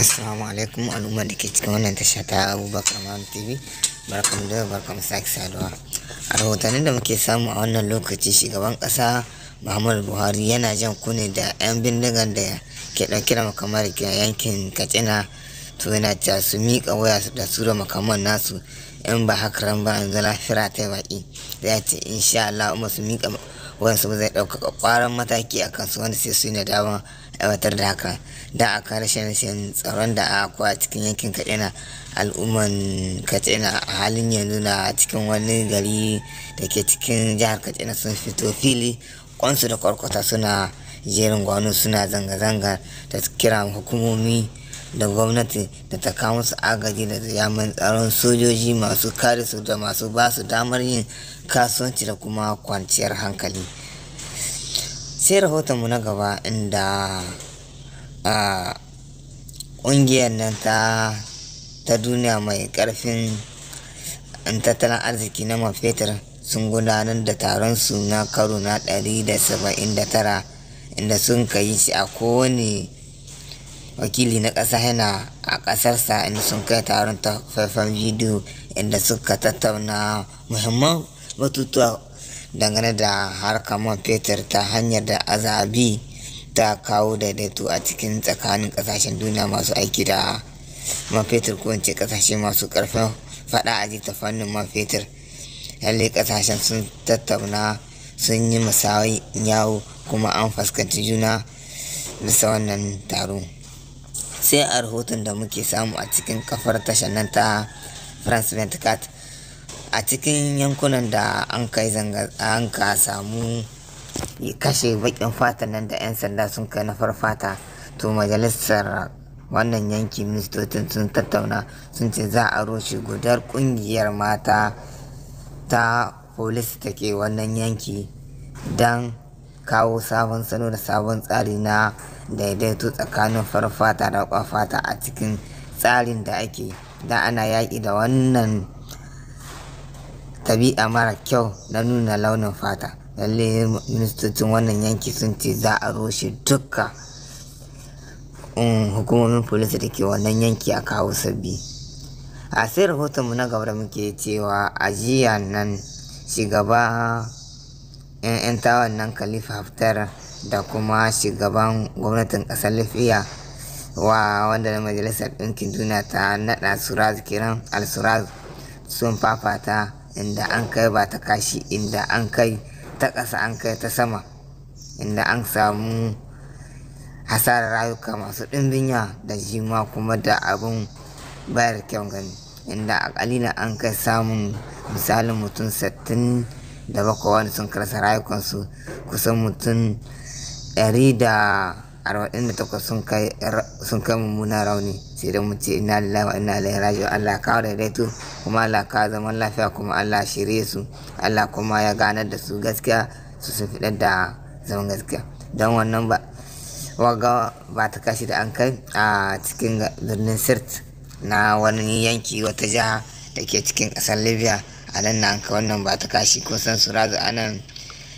assalamu alaikum al'umma da ke tasha ta abubakar a rahotannin da muke samu a wannan lokaci shugaban kasa muhammadu buhari yana jan kunne da yan bindigar da ke ɗauke da makamar yankin katsina to yana ta su miƙa waya da sura makaman nasu yan ba haka ba yanzu lafira ta baki zai ce insha Allah umma su miƙa ba zai ɗaukaka kwaran mataki a kansu wanda sai su yi nadama aiwatar da haka da a karshen rashin tsaron da akwai a cikin yankin katsina al'umman katsina a halin yanzu na cikin wani gari da ke cikin jihar katsina sun fito fili kwansu da kwarkwata suna jerin gwano suna zanga-zanga da kira hukumomi da gwamnati da ta kawo musu agaji da jami'an tsaron sojoji masu kare su da masu basu damar yin kasuwanci da kuma kwanciyar hankali. sai rahotonmu na gaba inda a ƙungiyar nan ta duniya mai ƙarfin tattalin arziki na mafetar sun gudanar da taron su na karo na 179 inda sun kai shi a kowane wakili na ƙasa yana a ƙasarsa inda sun kai taron ta faifan bidiyo inda suka tattauna muhimman batutuwa dangane da harkar man fetur ta hanyar da azabi ta kawo daidaito a cikin tsakanin kasashen duniya masu aiki da man fetur ko ce kasashe masu karfin fada a ta fannin man fetur lalle kasashen sun tattauna sun yi musawai yawo kuma an fuskanci juna bisa wannan taro sai a rahoton da muke samu a cikin kafar tashar nan ta france 24 a cikin yankunan da an kai zanga an ka samu kashe bakin fata nan da 'yan sanda sun kai na farfata to majalisar wannan yanki ministocin sun tattauna sun ce za a roshe gudar kungiyar mata ta polis ta ke wannan yanki don kawo sabon salo da sabon tsari na daidaito tsakanin farfata da kwafata a cikin tsarin da ake da ana yaƙi da wannan tabi'a mara kyau na nuna launin fata lalle ministocin wannan yanki sun ce za a roshe duka um, hukumomin polisi da ke wannan yanki a kawo sabbi a sai rahotonmu na gaba da muke cewa a jiya nan shugaba 'yan tawon nan khalifa haftar da kuma shigaban gwamnatin ƙasar lafiya wa wanda majalisar ɗinkin duniya ta naɗa suraz kiran al-suraz sun fafata inda an kai ba ta kashi inda an kai ta ƙasa an kai ta sama inda an samu hasarar rayuka masu ɗimbin yawa da jima kuma da abin bayar kyau gani inda a ƙalila an kai samun misalin mutum 67 wani sun karsa rayukansu kusan mutum 100 48 sun kai sun kai mummuna rauni sai da mu ce ina lillahi wa ina ilaihi raji'un Allah ka daidaito kuma Allah ka zaman lafiya kuma Allah shirye su Allah kuma ya ganar da su gaskiya su sun fitar da zaman gaskiya don wannan ba waga ba ta kashi da an kai a cikin birnin sirt na wani yanki wata jiha da ke cikin ƙasar libya a nan na an kai wannan ba ta kashi kusan su razu anan nan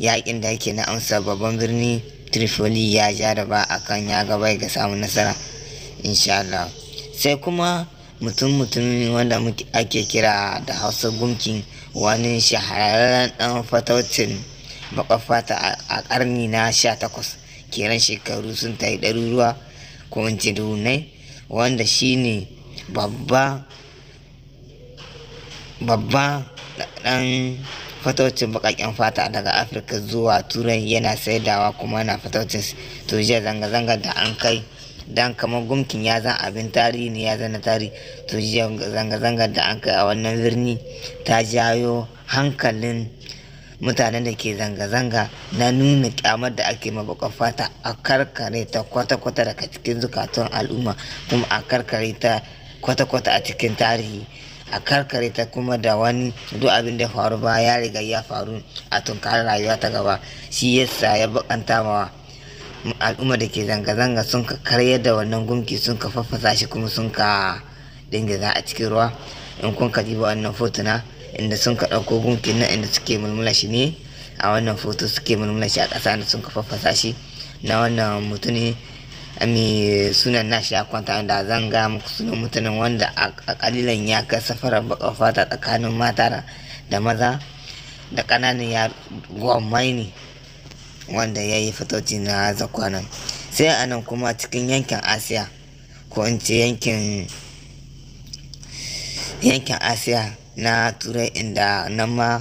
yakin da yake na amsa babban birni trifoli ya sha da ba a kan ya gabai ga samun nasara insha Allah sai kuma mutum mutum wanda ake kira da hausa gunkin wani shahararren dan fatautin fata a karni na 18 kenan shekaru sun ta yi ɗaruruwa ko in wanda shine babba babba dan fataucin bakakken fata daga afirka zuwa turai yana saidawa kuma na fatocin to jiya zanga-zanga da an kai dan kamar gumkin ya zan abin tarihi ne ya zana tarihi to jiya zanga-zanga da an kai a wannan birni ta jayo hankalin mutanen da ke zanga-zanga na nuna kyamar da ake mabakon fata a karkare ta kwata-kwata daga cikin zukatun al'umma kuma a karkare ta kwata-kwata a cikin tarihi a karkare ta kuma da wani duk abin da faru ba ya riga ya faru a tunkarar rayuwa ta gaba shi yasa ya bakanta ma al'umma da ke zanga-zanga sun ka karyar da wannan gunki sun ka faffasa shi kuma sun ka dinga za a cikin ruwa in kun ka ba wannan fotuna inda sun ka ɗauko gunki na inda suke mulmula shi ne a wannan foto suke mulmula shi a ƙasa da sun ka faffasa shi na wannan ne mai sunan nashi ya kwanta da zan ga muku sunan mutanen wanda a kalilan ya kai safarar baka fata tsakanin mata da maza da ƙananan ya gwamai ne wanda ya yi fitoci na zakwanan sai a nan kuma cikin yankin asiya ko in ce yankin asiya na turai inda nan ma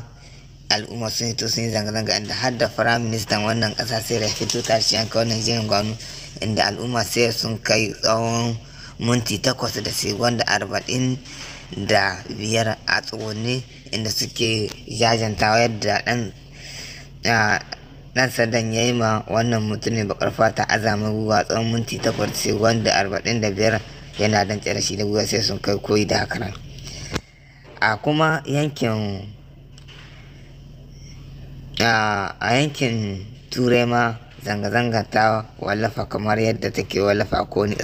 al'umma sun sun yi zanga-zanga inda har da firaministan wannan ƙasa sai da fito shi yanka wannan jirin gwanu inda al'umma sai sun kai tsawon minti takwas da da arba'in da biyar a tsone inda suke jajantawa yadda dan dan sadan ya yi ma wannan mutumin bakar fata azama guga tsawon minti takwas da arba'in da biyar yana dan tsere shi da guga sai sun kai koyi da haka a kuma yankin a yankin turai ma zanga-zanga ta wallafa kamar yadda take wallafa ko ne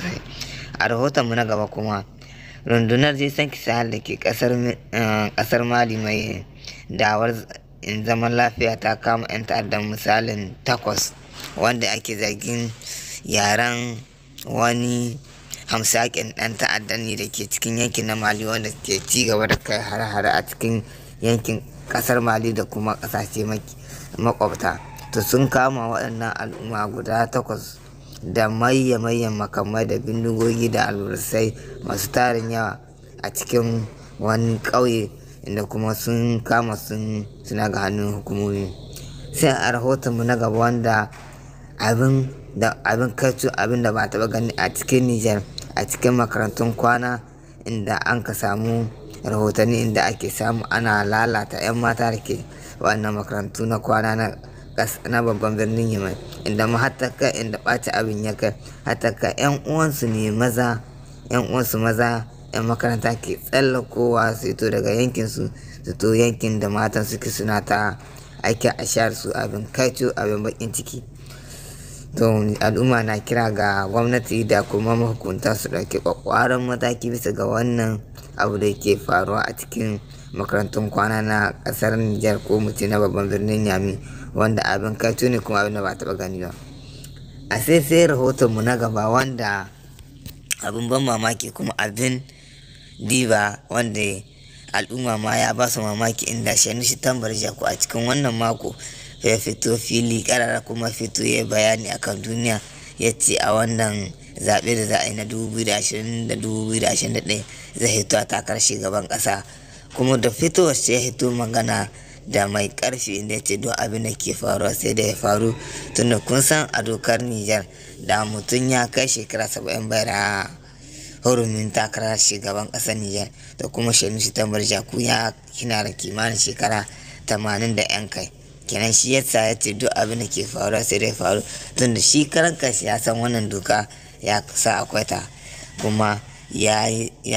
a rahoton mu na gaba kuma rundunar jisan kisahar da ke kasar eh, mali mai dawar in zaman lafiya ta kama 'yan ta'addan misalin takwas wanda ake zargin yaren wani hamsakin ɗan ta'adda ne da ke cikin yankin na mali wanda ke ci gaba da kai har-hare a cikin yankin kasar mali da kuma ƙasashe makwabta to sun kama waɗannan al'umma guda takwas da mayyamayyan makamai da bindigogi da albursai masu tarin yawa a cikin wani ƙauye inda kuma sun kama sun suna ga hannun hukumomi sai a rahoton mu na gaba wanda abin da abin abin da ba taɓa gani a cikin nijar a cikin makarantun kwana inda an ka samu rahotanni inda ake samu ana lalata 'yan mata da ke wannan makarantu na kwana na na babban birnin yamai inda ma inda abin ya kai hataka yan uwansu ne maza yan uwansu maza yan makaranta ke tsallakowa su ito daga yankin su su to yankin da matan suke suna ta aiki a shar su abin kaito abin bakin ciki to al'umma na kira ga gwamnati da kuma mahukunta su ɗauki kwakwaran mataki bisa ga wannan abu da ke faruwa a cikin makarantun kwana na kasar Nijar ko mutum na babban birnin Yami wanda abin kai ne kuma abin da ba taba gani ba. A sai sai rahoton mu na gaba wanda abin ban mamaki kuma abin diva wanda al'umma ma ya ba su mamaki inda shani shi tambar jaku a cikin wannan mako ya fito fili karara kuma fito ya bayani akan duniya ya ce a wannan zaɓe da za a yi na 2021 zai hito a takarar gaban ƙasa kuma da fitowar shi ya hito magana da mai karfi inda ya ce don abin da ke faruwa sai da ya faru tunda kun san a dokar Nijar da mutum ya kai shekara saba'in bai a hurumin takarar shugaban ƙasar Nijar da kuma shirin shi ta Murjaku ya kina da kimanin shekara tamanin da 'yan kai kenan shi yasa ya ce duk abin da ke faruwa sai da ya faru tunda shi karan kansa ya san wannan doka ya sa akwai ta kuma ya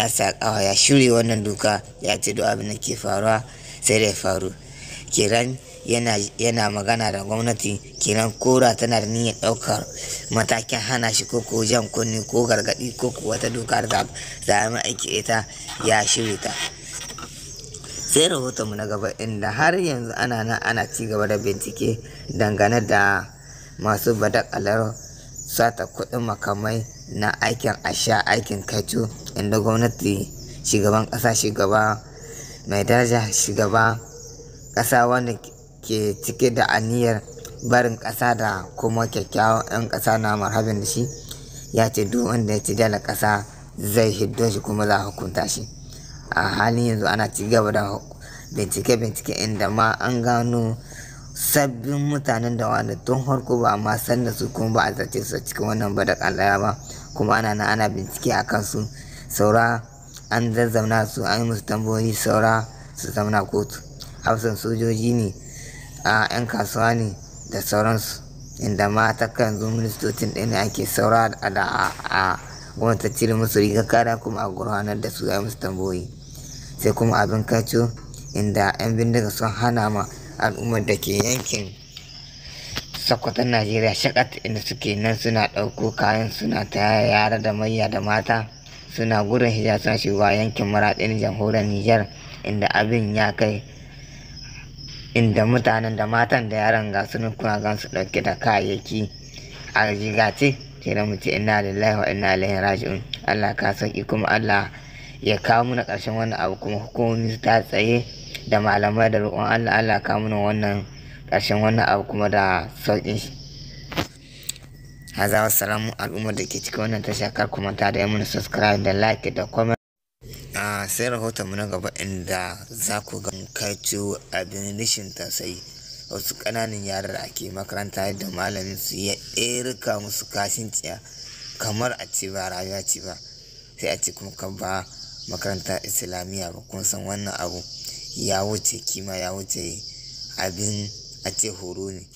sakawa ya shirya wannan duka ya ce duk abin da ke faruwa sai da ya faru kiran yana magana da gwamnati kiran kora tana da niyyar ɗaukar matakin hana shi ko ko jan kunni ko gargadi ko ko wata doka da za a aiki ita ya shirya ta sai mu na gaba inda har yanzu ana nan ana ci gaba da bincike dangane da masu badakalar sata kuɗin makamai na aikin asha aikin kacu inda gwamnati shugaban kasa shugaba mai daraja shugaba kasa wanda ke cike da aniyar barin kasa da kuma kyakkyawan 'yan kasa na marhabin da shi ya ce duk wanda ya ci dala kasa zai hiddo shi kuma za a hukunta shi a halin yanzu ana ci gaba da bincike-bincike inda ma an gano sabbin mutanen da wanda tun harko ba ma san da su kuma ba a zace su cikin wannan ba da badakala ba kuma ana na ana bincike a kansu saura an zazzauna su an yi musu tambayoyi saura su zauna kotu hafsan sojoji ne a 'yan kasuwa ne da sauransu inda ma ta kan zo ministocin ɗin ake saura da a gwamnati da musu rigar kara kuma a gurhanar da su a musu tambayoyi sai kuma abin kaco inda 'yan bindiga sun hana ma al'ummar da ke yankin sakkwatan najeriya shakat inda suke nan suna ɗauko kayan suna ta yara da mayya da mata suna gurin hijira suna shiga yankin maraɗin jamhuriyar nijar inda abin ya kai inda mutanen da matan da yaran ga suna kuna gan su ɗauke da kayayyaki a rigace sai da mutu inna lillahi wa inna ilaihi raji'un allah ka sauki kuma allah ya kawo mana ƙarshen wannan abu kuma hukumomi ta tsaye da malamai da roƙon allah allah kawo mana wannan ƙarshen wannan abu kuma da sauƙin shi haza salamu al'ummar da ke cikin wannan tasha kar ku ta da yamin subscribe da like da comment a sai rahoton mu na gaba inda za ku ga kai abin ta tasai wasu ƙananan yaran ake makaranta da malamin su ya ɗerika musu kashin tsiya kamar a ce ba rayuwa ce ba sai a ce kuma kan ba makaranta islamiyya ba kuma san wannan abu ya wuce kima ya wuce abin a ce horo ne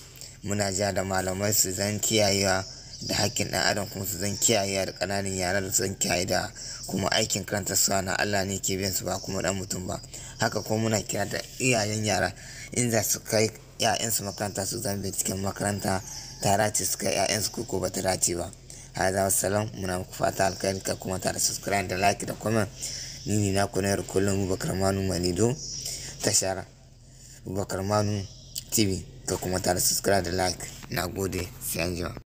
muna ja da malamai su zan kiyayewa da hakkin ɗan adam kuma su zan kiyayewa da ƙananan yara da zan kiyaye da kuma aikin karanta suwa na Allah ne ke biyan su ba kuma ɗan mutum ba haka kuma muna kira da iyayen yara in za su kai ‘ya'yansu makaranta su zan cikin makaranta ta race su kai ‘ya'yansu koko ba ta race ba haza salam muna muku fata alkhairi ka kuma tare subscribe da like da comment ni ne na kunayar kullum bakar manu manido tashara bakar manu tv ka kuma tare subscribe da like na gode sai anjima